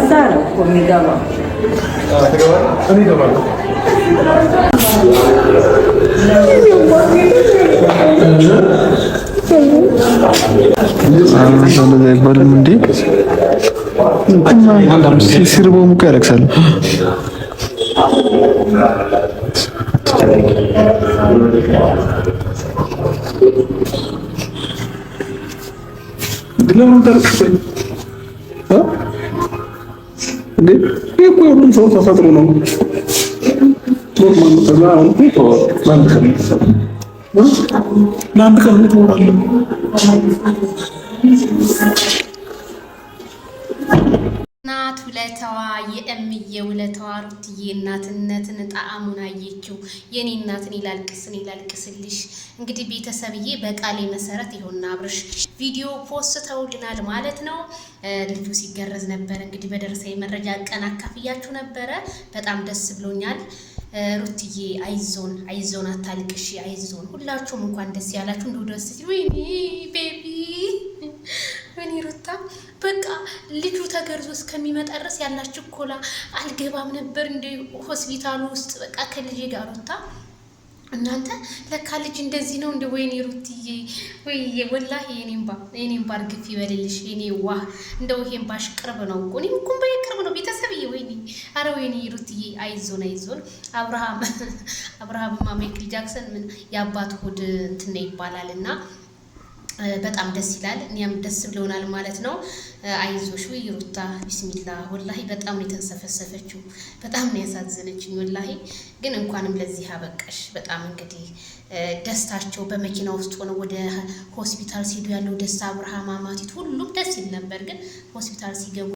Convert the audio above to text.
እዛ ነው እኮ የሚገባው። እንደዛ አይባልም እንዴ! ሲርበውም እኮ ያለቅሳል። ለምን ታለቅስ? እንዴ እኮ የሁሉም ሰው ተፈጥሮ ነው። ለአንድ ቀን ትኖራለህ። ውለታዋ የእምዬ ውለታዋ ሩትዬ እናትነትን ጣዕሙን አየችው። የኔ እናትን ይላልቅስን ይላልቅስልሽ። እንግዲህ ቤተሰብዬ በቃሌ መሰረት ይሆን አብርሽ ቪዲዮ ፖስት ተውልናል ማለት ነው። ልጁ ሲገረዝ ነበር እንግዲህ በደረሰኝ መረጃ ቀን አካፍያችሁ ነበረ። በጣም ደስ ብሎኛል። ሩትዬ አይዞን፣ አይዞን፣ አታልቅሽ አይዞን። ሁላችሁም እንኳን ደስ ያላችሁ። እንደው ደስ ሲል ወይኔ ቤቢ በቃ ልጁ ተገርዞ እስከሚመጣ ድረስ ያላችሁ ኮላ አልገባም ነበር እንደ ሆስፒታሉ ውስጥ በቃ ከልጄ ጋር ሆንታ እናንተ ለካ ልጅ እንደዚህ ነው እንደ ወይኔ ሩትዬ ወይ ወላ የኔም ባር ግፍ ይበልልሽ የኔ ዋ እንደ ይሄን ባሽ ቅርብ ነው እኮ እኔም እኮ በይ ቅርብ ነው ቤተሰብዬ ወይኔ አረ ወይኔ ሩትዬ አይዞን አይዞን አብርሃም አብርሃም ማይክል ጃክሰን ምን የአባት ሆድ እንትን ይባላል እና በጣም ደስ ይላል። እኛም ደስ ብሎናል ማለት ነው። አይዞሽ ወይ ሩታ ቢስሚላ ወላሂ በጣም ነው የተንሰፈሰፈችው። በጣም ነው ያሳዘነችኝ ወላሂ። ግን እንኳንም ለዚህ አበቃሽ። በጣም እንግዲህ ደስታቸው በመኪና ውስጥ ሆነው ወደ ሆስፒታል ሲሄዱ ያለው ደስታ፣ አብርሃም አማቲት፣ ሁሉም ደስ ይል ነበር። ግን ሆስፒታል ሲገቡ